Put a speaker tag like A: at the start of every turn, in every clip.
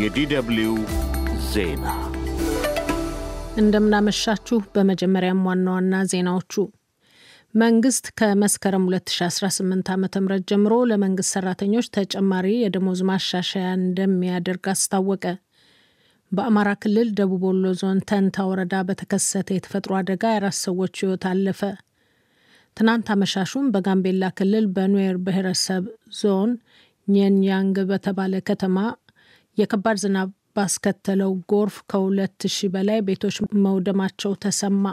A: የዲደብልዩ ዜና እንደምናመሻችሁ። በመጀመሪያም ዋና ዋና ዜናዎቹ መንግስት ከመስከረም 2018 ዓ ም ጀምሮ ለመንግስት ሰራተኞች ተጨማሪ የደሞዝ ማሻሻያ እንደሚያደርግ አስታወቀ። በአማራ ክልል ደቡብ ወሎ ዞን ተንታ ወረዳ በተከሰተ የተፈጥሮ አደጋ የአራት ሰዎች ህይወት አለፈ። ትናንት አመሻሹም በጋምቤላ ክልል በኑዌር ብሔረሰብ ዞን ኘንያንግ በተባለ ከተማ የከባድ ዝናብ ባስከተለው ጎርፍ ከሁለት ሺህ በላይ ቤቶች መውደማቸው ተሰማ።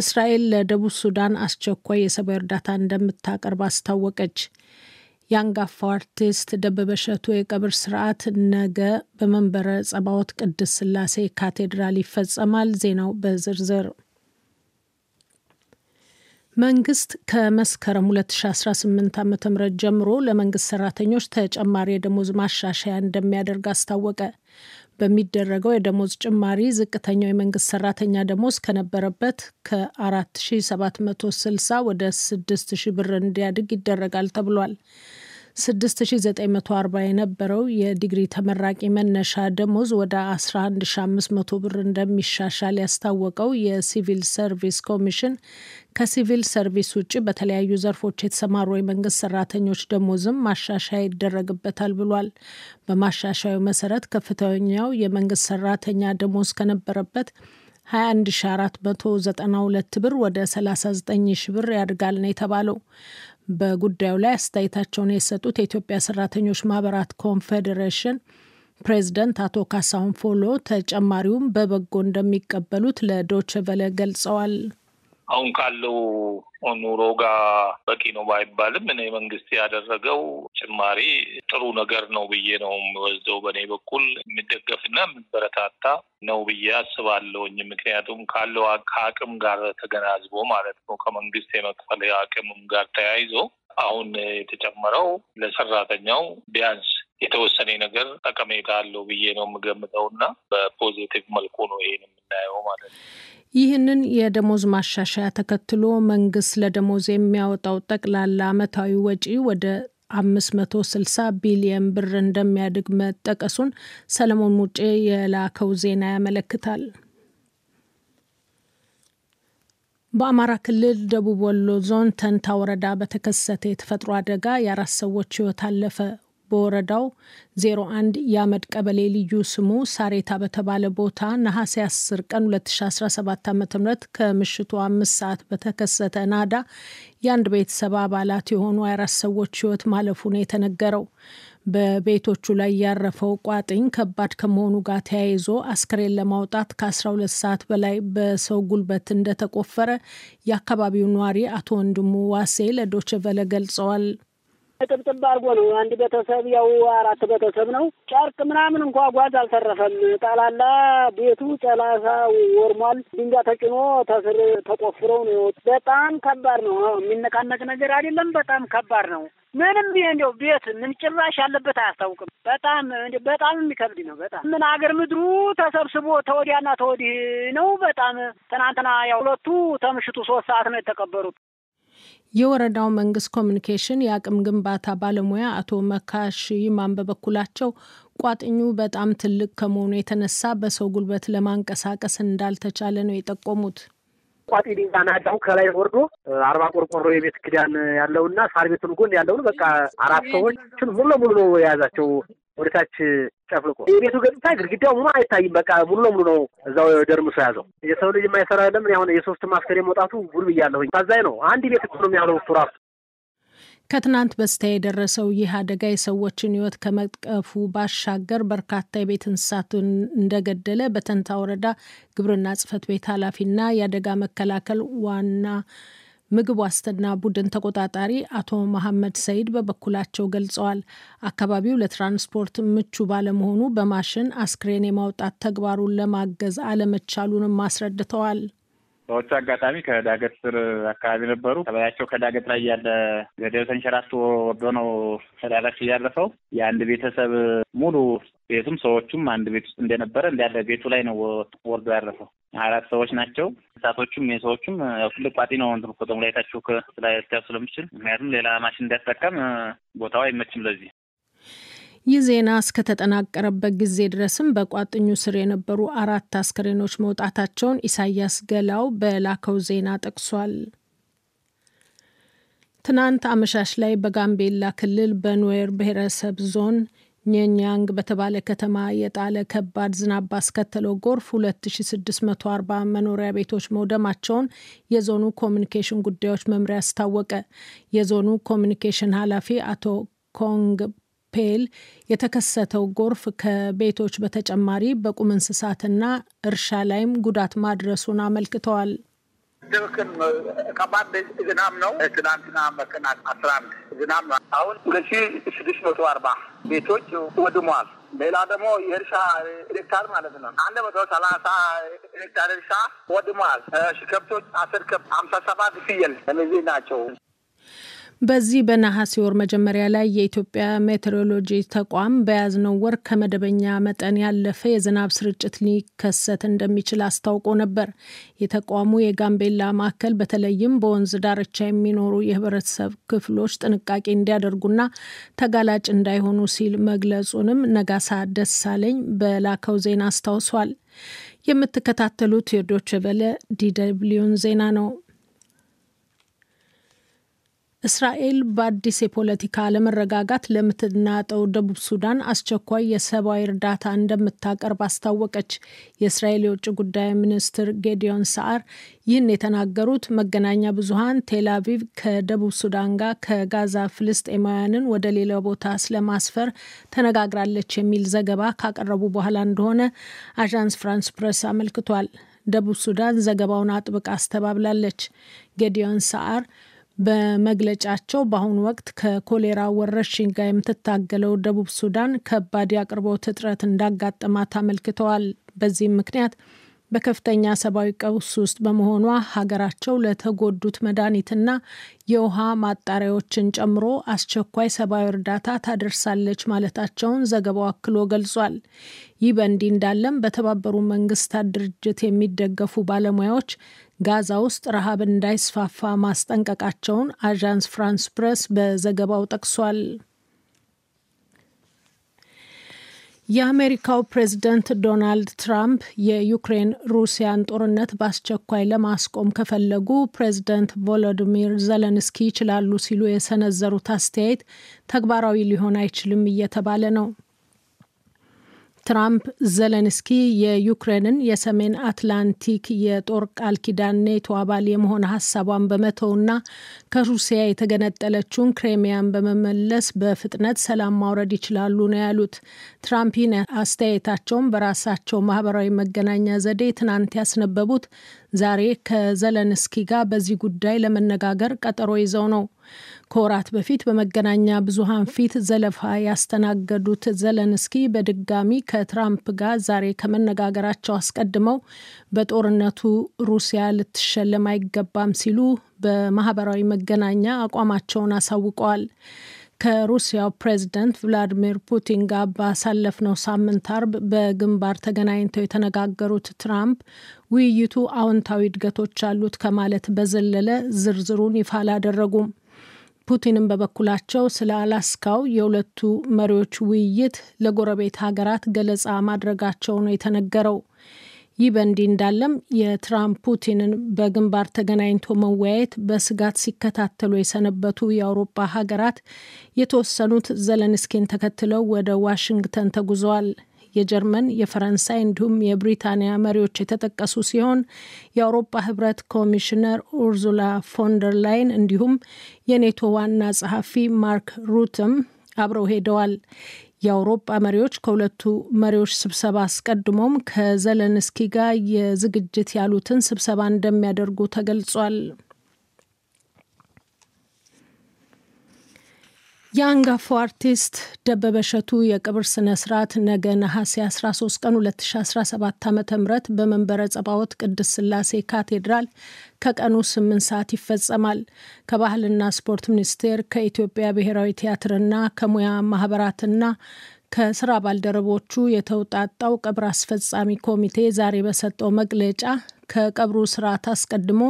A: እስራኤል ለደቡብ ሱዳን አስቸኳይ የሰብአዊ እርዳታ እንደምታቀርብ አስታወቀች። የአንጋፋው አርቲስት ደበበ እሸቱ የቀብር ስርዓት ነገ በመንበረ ጸባዖት ቅድስት ሥላሴ ካቴድራል ይፈጸማል። ዜናው በዝርዝር መንግስት ከመስከረም 2018 ዓ ም ጀምሮ ለመንግስት ሰራተኞች ተጨማሪ የደሞዝ ማሻሻያ እንደሚያደርግ አስታወቀ። በሚደረገው የደሞዝ ጭማሪ ዝቅተኛው የመንግስት ሰራተኛ ደሞዝ ከነበረበት ከ4760 ወደ 6000 ብር እንዲያድግ ይደረጋል ተብሏል። 6940 የነበረው የዲግሪ ተመራቂ መነሻ ደሞዝ ወደ 11500 ብር እንደሚሻሻል ያስታወቀው የሲቪል ሰርቪስ ኮሚሽን ከሲቪል ሰርቪስ ውጭ በተለያዩ ዘርፎች የተሰማሩ የመንግስት ሰራተኞች ደሞዝም ማሻሻያ ይደረግበታል ብሏል። በማሻሻዩ መሰረት ከፍተኛው የመንግስት ሰራተኛ ደሞዝ ከነበረበት 21492 ብር ወደ 9ሺ ብር ያድጋል ነው የተባለው። በጉዳዩ ላይ አስተያየታቸውን የሰጡት የኢትዮጵያ ሰራተኞች ማህበራት ኮንፌዴሬሽን ፕሬዚደንት አቶ ካሳሁን ፎሎ ተጨማሪውም በበጎ እንደሚቀበሉት ለዶችቨለ ገልጸዋል። አሁን ካለው ኑሮ ጋር በቂ ነው ባይባልም እኔ መንግስት ያደረገው ጭማሪ ጥሩ ነገር ነው ብዬ ነው የሚወስደው። በእኔ በኩል የሚደገፍና የሚበረታታ ነው ብዬ አስባለሁኝ። ምክንያቱም ካለው ከአቅም ጋር ተገናዝቦ ማለት ነው ከመንግስት የመክፈል አቅምም ጋር ተያይዞ አሁን የተጨመረው ለሰራተኛው ቢያንስ የተወሰነ ነገር ጠቀሜታ አለው ብዬ ነው የምገምተው እና በፖዚቲቭ መልኩ ነው ይሄን የምናየው ማለት ነው። ይህንን የደሞዝ ማሻሻያ ተከትሎ መንግስት ለደሞዝ የሚያወጣው ጠቅላላ ዓመታዊ ወጪ ወደ 560 ቢሊየን ብር እንደሚያድግ መጠቀሱን ሰለሞን ሙጬ የላከው ዜና ያመለክታል። በአማራ ክልል ደቡብ ወሎ ዞን ተንታ ወረዳ በተከሰተ የተፈጥሮ አደጋ የአራት ሰዎች ሕይወት አለፈ። በወረዳው 01 የአመድ ቀበሌ ልዩ ስሙ ሳሬታ በተባለ ቦታ ነሐሴ 10 ቀን 2017 ዓ ም ከምሽቱ አምስት ሰዓት በተከሰተ ናዳ የአንድ ቤተሰብ አባላት የሆኑ አራት ሰዎች ህይወት ማለፉ ነው የተነገረው። በቤቶቹ ላይ ያረፈው ቋጥኝ ከባድ ከመሆኑ ጋር ተያይዞ አስክሬን ለማውጣት ከ12 ሰዓት በላይ በሰው ጉልበት እንደተቆፈረ የአካባቢው ነዋሪ አቶ ወንድሙ ዋሴ ለዶችቨለ ገልጸዋል። ጥብጥብ አድርጎ ነው። አንድ ቤተሰብ ያው አራት ቤተሰብ ነው። ጨርቅ ምናምን እንኳ ጓዝ አልተረፈም። ጠላላ ቤቱ ጨላሳ ወርሟል። ድንጋይ ተጭኖ ተስር ተቆፍረው ነው የወጡ። በጣም ከባድ ነው። የሚነቃነቅ ነገር አይደለም። በጣም ከባድ ነው። ምንም ቢሆን እንደው ቤት ምን ጭራሽ ያለበት አያስታውቅም። በጣም በጣም የሚከብድ ነው። በጣም ምን አገር ምድሩ ተሰብስቦ ተወዲያና ተወዲህ ነው። በጣም ትናንትና ያው ሁለቱ ተምሽቱ ሶስት ሰዓት ነው የተቀበሩት። የወረዳው መንግስት ኮሚኒኬሽን የአቅም ግንባታ ባለሙያ አቶ መካሽ ይማን በበኩላቸው ቋጥኙ በጣም ትልቅ ከመሆኑ የተነሳ በሰው ጉልበት ለማንቀሳቀስ እንዳልተቻለ ነው የጠቆሙት። ቋጢ ድንጋይ ናዳው ከላይ ወርዶ አርባ ቆርቆሮ የቤት ክዳን ያለውና ሳር ቤቱን ጎን ያለውን በቃ አራት ሰዎችን ሙሉ ለሙሉ ነው የያዛቸው። ወደታች ጨፍልቆ ቤቱ ገጽታ ግድግዳው ሙሉ አይታይም። በቃ ሙሉ ለሙሉ ነው እዛው ደርምሶ ያዘው። የሰው ልጅ የማይሰራ የለም። አሁን የሶስት ማስከሬ መውጣቱ ጉድ ብያለሁኝ። ታዛይ ነው። አንድ ቤት እኮ ነው የሚያለው እሱ ራሱ ከትናንት በስቲያ የደረሰው ይህ አደጋ የሰዎችን ሕይወት ከመቀፉ ባሻገር በርካታ የቤት እንስሳትን እንደገደለ በተንታ ወረዳ ግብርና ጽሕፈት ቤት ኃላፊና የአደጋ መከላከል ዋና ምግብ ዋስትና ቡድን ተቆጣጣሪ አቶ መሐመድ ሰይድ በበኩላቸው ገልጸዋል። አካባቢው ለትራንስፖርት ምቹ ባለመሆኑ በማሽን አስክሬን የማውጣት ተግባሩን ለማገዝ አለመቻሉንም አስረድተዋል። ሰዎቹ አጋጣሚ ከዳገት ስር አካባቢ ነበሩ። ተባያቸው ከዳገት ላይ ያለ ገደብ ተንሸራቶ ወርዶ ነው ተዳራሽ እያለፈው የአንድ ቤተሰብ ሙሉ ቤቱም ሰዎቹም አንድ ቤት ውስጥ እንደነበረ እንዳለ ቤቱ ላይ ነው ወርዶ ያረፈው። አራት ሰዎች ናቸው። እንስሳቶችም የሰዎችም ያው ትልቅ ቋጤ ነው እንትን ኮተሙ ላይ ታችሁ ስለምችል ምክንያቱም ሌላ ማሽን እንዳያስጠቀም ቦታው አይመችም ለዚህ ይህ ዜና እስከተጠናቀረበት ጊዜ ድረስም በቋጥኙ ስር የነበሩ አራት አስክሬኖች መውጣታቸውን ኢሳያስ ገላው በላከው ዜና ጠቅሷል። ትናንት አመሻሽ ላይ በጋምቤላ ክልል በኑዌር ብሔረሰብ ዞን ኛንያንግ በተባለ ከተማ የጣለ ከባድ ዝናብ ባስከተለው ጎርፍ 2640 መኖሪያ ቤቶች መውደማቸውን የዞኑ ኮሚኒኬሽን ጉዳዮች መምሪያ አስታወቀ። የዞኑ ኮሚኒኬሽን ኃላፊ አቶ ኮንግ ፔል የተከሰተው ጎርፍ ከቤቶች በተጨማሪ በቁም እንስሳትና እርሻ ላይም ጉዳት ማድረሱን አመልክተዋል። ትክክል ከባድ ዝናም ነው። ትናንትና መቀን አስራ አንድ ዝናም ነው። አሁን ሁለት ሺ ስድስት መቶ አርባ ቤቶች ወድመዋል። ሌላ ደግሞ የእርሻ ሄክታር ማለት ነው አንድ መቶ ሰላሳ ሄክታር እርሻ ወድመዋል። ከብቶች አስር ከብት ሀምሳ ሰባት ፍየል እነዚህ ናቸው። በዚህ በነሐሴ ወር መጀመሪያ ላይ የኢትዮጵያ ሜትሮሎጂ ተቋም በያዝነው ወር ከመደበኛ መጠን ያለፈ የዝናብ ስርጭት ሊከሰት እንደሚችል አስታውቆ ነበር። የተቋሙ የጋምቤላ ማዕከል በተለይም በወንዝ ዳርቻ የሚኖሩ የህብረተሰብ ክፍሎች ጥንቃቄ እንዲያደርጉና ተጋላጭ እንዳይሆኑ ሲል መግለጹንም ነጋሳ ደሳለኝ በላከው ዜና አስታውሷል። የምትከታተሉት የዶችቨለ ዲደብሊውን ዜና ነው። እስራኤል በአዲስ የፖለቲካ አለመረጋጋት ለምትናጠው ደቡብ ሱዳን አስቸኳይ የሰብአዊ እርዳታ እንደምታቀርብ አስታወቀች። የእስራኤል የውጭ ጉዳይ ሚኒስትር ጌዲዮን ሰዓር ይህን የተናገሩት መገናኛ ብዙሃን ቴል አቪቭ ከደቡብ ሱዳን ጋር ከጋዛ ፍልስጤማውያንን ወደ ሌላ ቦታ ስለማስፈር ተነጋግራለች የሚል ዘገባ ካቀረቡ በኋላ እንደሆነ አዣንስ ፍራንስ ፕሬስ አመልክቷል። ደቡብ ሱዳን ዘገባውን አጥብቃ አስተባብላለች። ጌዲዮን ሰዓር በመግለጫቸው በአሁኑ ወቅት ከኮሌራ ወረርሽኝ ጋር የምትታገለው ደቡብ ሱዳን ከባድ የአቅርቦት እጥረት እንዳጋጠማት አመልክተዋል። በዚህም ምክንያት በከፍተኛ ሰብአዊ ቀውስ ውስጥ በመሆኗ ሀገራቸው ለተጎዱት መድኃኒትና የውሃ ማጣሪያዎችን ጨምሮ አስቸኳይ ሰብአዊ እርዳታ ታደርሳለች ማለታቸውን ዘገባው አክሎ ገልጿል። ይህ በእንዲህ እንዳለም በተባበሩ መንግስታት ድርጅት የሚደገፉ ባለሙያዎች ጋዛ ውስጥ ረሃብ እንዳይስፋፋ ማስጠንቀቃቸውን አዣንስ ፍራንስ ፕሬስ በዘገባው ጠቅሷል። የአሜሪካው ፕሬዝደንት ዶናልድ ትራምፕ የዩክሬን ሩሲያን ጦርነት በአስቸኳይ ለማስቆም ከፈለጉ ፕሬዝደንት ቮሎዲሚር ዘለንስኪ ይችላሉ ሲሉ የሰነዘሩት አስተያየት ተግባራዊ ሊሆን አይችልም እየተባለ ነው። ትራምፕ ዘለንስኪ የዩክሬንን የሰሜን አትላንቲክ የጦር ቃል ኪዳን ኔቶ አባል የመሆን ሀሳቧን በመተውና ከሩሲያ የተገነጠለችውን ክሬሚያን በመመለስ በፍጥነት ሰላም ማውረድ ይችላሉ ነው ያሉት። ትራምፕ አስተያየታቸውን በራሳቸው ማህበራዊ መገናኛ ዘዴ ትናንት ያስነበቡት ዛሬ ከዘለንስኪ ጋር በዚህ ጉዳይ ለመነጋገር ቀጠሮ ይዘው ነው። ከወራት በፊት በመገናኛ ብዙሃን ፊት ዘለፋ ያስተናገዱት ዘለንስኪ በድጋሚ ከትራምፕ ጋር ዛሬ ከመነጋገራቸው አስቀድመው በጦርነቱ ሩሲያ ልትሸለም አይገባም ሲሉ በማህበራዊ መገናኛ አቋማቸውን አሳውቀዋል። ከሩሲያው ፕሬዚደንት ቭላዲሚር ፑቲን ጋር ባሳለፍነው ሳምንት አርብ በግንባር ተገናኝተው የተነጋገሩት ትራምፕ ውይይቱ አዎንታዊ እድገቶች አሉት ከማለት በዘለለ ዝርዝሩን ይፋ አላደረጉም። ፑቲንም በበኩላቸው ስለ አላስካው የሁለቱ መሪዎች ውይይት ለጎረቤት ሀገራት ገለጻ ማድረጋቸው ነው የተነገረው። ይህ በእንዲህ እንዳለም የትራምፕ ፑቲንን በግንባር ተገናኝቶ መወያየት በስጋት ሲከታተሉ የሰነበቱ የአውሮፓ ሀገራት የተወሰኑት ዘለንስኪን ተከትለው ወደ ዋሽንግተን ተጉዘዋል። የጀርመን፣ የፈረንሳይ እንዲሁም የብሪታንያ መሪዎች የተጠቀሱ ሲሆን የአውሮፓ ህብረት ኮሚሽነር ኡርዙላ ፎንደር ላይን እንዲሁም የኔቶ ዋና ጸሐፊ ማርክ ሩትም አብረው ሄደዋል። የአውሮጳ መሪዎች ከሁለቱ መሪዎች ስብሰባ አስቀድሞም ከዘለንስኪ ጋር የዝግጅት ያሉትን ስብሰባ እንደሚያደርጉ ተገልጿል። የአንጋፋው አርቲስት ደበበ እሸቱ ስነ ስርዓት ነገ ነሐሴ 13 ቀን 2017 ዓ ም በመንበረ ጸባወት ቅድስት ስላሴ ካቴድራል ከቀኑ 8 ሰዓት ይፈጸማል። ከባህልና ስፖርት ሚኒስቴር ከኢትዮጵያ ብሔራዊ ቲያትርና ከሙያ ማህበራትና ከስራ ባልደረቦቹ የተውጣጣው ቀብር አስፈጻሚ ኮሚቴ ዛሬ በሰጠው መግለጫ ከቀብሩ ስርዓት አስቀድሞ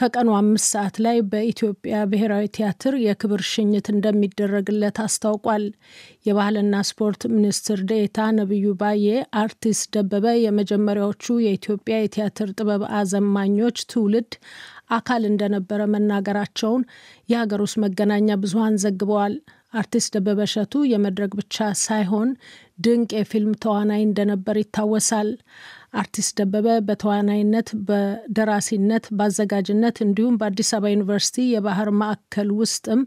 A: ከቀኑ አምስት ሰዓት ላይ በኢትዮጵያ ብሔራዊ ቲያትር የክብር ሽኝት እንደሚደረግለት አስታውቋል። የባህልና ስፖርት ሚኒስትር ዴኤታ ነቢዩ ባዬ አርቲስት ደበበ የመጀመሪያዎቹ የኢትዮጵያ የቲያትር ጥበብ አዘማኞች ትውልድ አካል እንደነበረ መናገራቸውን የሀገር ውስጥ መገናኛ ብዙሀን ዘግበዋል። አርቲስት ደበበ እሸቱ የመድረክ ብቻ ሳይሆን ድንቅ የፊልም ተዋናይ እንደነበር ይታወሳል። አርቲስት ደበበ በተዋናይነት፣ በደራሲነት፣ በአዘጋጅነት እንዲሁም በአዲስ አበባ ዩኒቨርሲቲ የባህር ማዕከል ውስጥም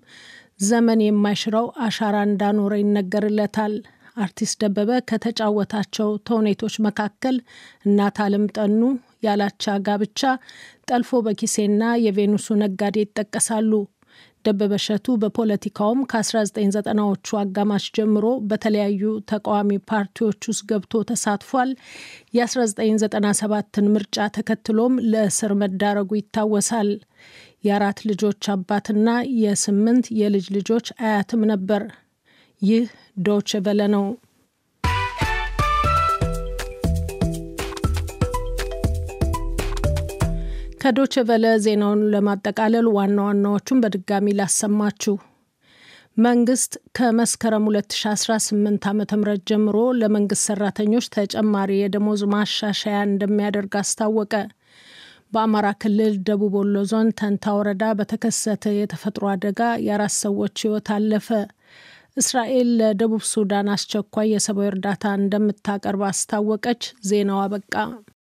A: ዘመን የማይሽረው አሻራ እንዳኖረ ይነገርለታል። አርቲስት ደበበ ከተጫወታቸው ተውኔቶች መካከል እናት አለም ጠኑ፣ ያላቻ ጋብቻ፣ ጠልፎ በኪሴና የቬኑሱ ነጋዴ ይጠቀሳሉ። ደበበ እሸቱ በፖለቲካውም ከ1990ዎቹ አጋማሽ ጀምሮ በተለያዩ ተቃዋሚ ፓርቲዎች ውስጥ ገብቶ ተሳትፏል። የ1997ን ምርጫ ተከትሎም ለእስር መዳረጉ ይታወሳል። የአራት ልጆች አባትና የስምንት የልጅ ልጆች አያትም ነበር። ይህ ዶችቨለ ነው። ከዶች ቨለ ዜናውን ለማጠቃለል ዋና ዋናዎቹን በድጋሚ ላሰማችሁ። መንግስት ከመስከረም 2018 ዓ ም ጀምሮ ለመንግስት ሰራተኞች ተጨማሪ የደሞዝ ማሻሻያ እንደሚያደርግ አስታወቀ። በአማራ ክልል ደቡብ ወሎ ዞን ተንታ ወረዳ በተከሰተ የተፈጥሮ አደጋ የአራት ሰዎች ሕይወት አለፈ። እስራኤል ለደቡብ ሱዳን አስቸኳይ የሰብዊ እርዳታ እንደምታቀርብ አስታወቀች። ዜናው አበቃ።